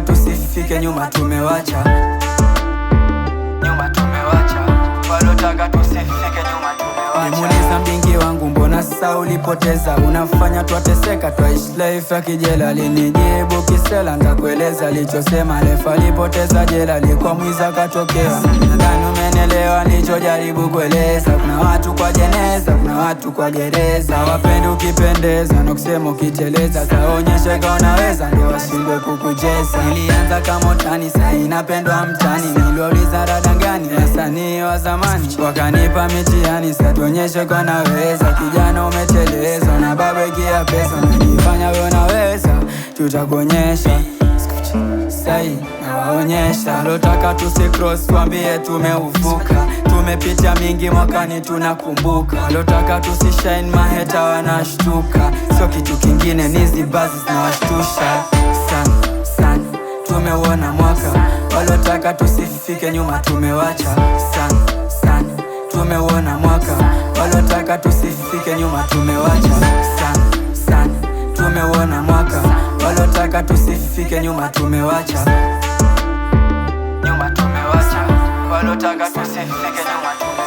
Tunataka tusifike nyuma, tumewacha nyuma, tumewacha walotaka tusifike nyuma, tumewacha. Nimuuliza mbingi wangu, mbona sasa ulipoteza? Unafanya twateseka, twaishi life ya kijela. Alinijibu kisela, ntakueleza lichosema. Lefa alipoteza jela, alikuwa mwizi akatokea. Nadhani ni jaribu kueleza, kuna watu kwa jeneza, kuna watu kwa gereza. Wapendi ukipendeza na kusema ukiteleza, kaonyesha ka unaweza ndio washindwe kukucheza. Nilianza kama utani, sai napendwa mtani, niliwauliza rada gani wasanii wa zamani, wakanipa mitihani, satuonyeshe ka unaweza. Kijana umeteleza, na baba kia pesa, najifanya we unaweza, tutakuonyesha sai nawaonyesha lotaka tusikros, tuambie tumeufuka. Tumepitia mingi mwakani, tunakumbuka lotaka tusishine, maheta wanashtuka, sio kitu kingine, nizi bazi zinawashtusha sana sana. Tumeuona mwaka, walotaka tusifike nyuma tumewacha sana sana. Tumeuona mwaka, walotaka tusifike nyuma tumewacha sana sana. Tumeuona mwaka, walotaka tusifike nyuma tumewacha I pussy, figure you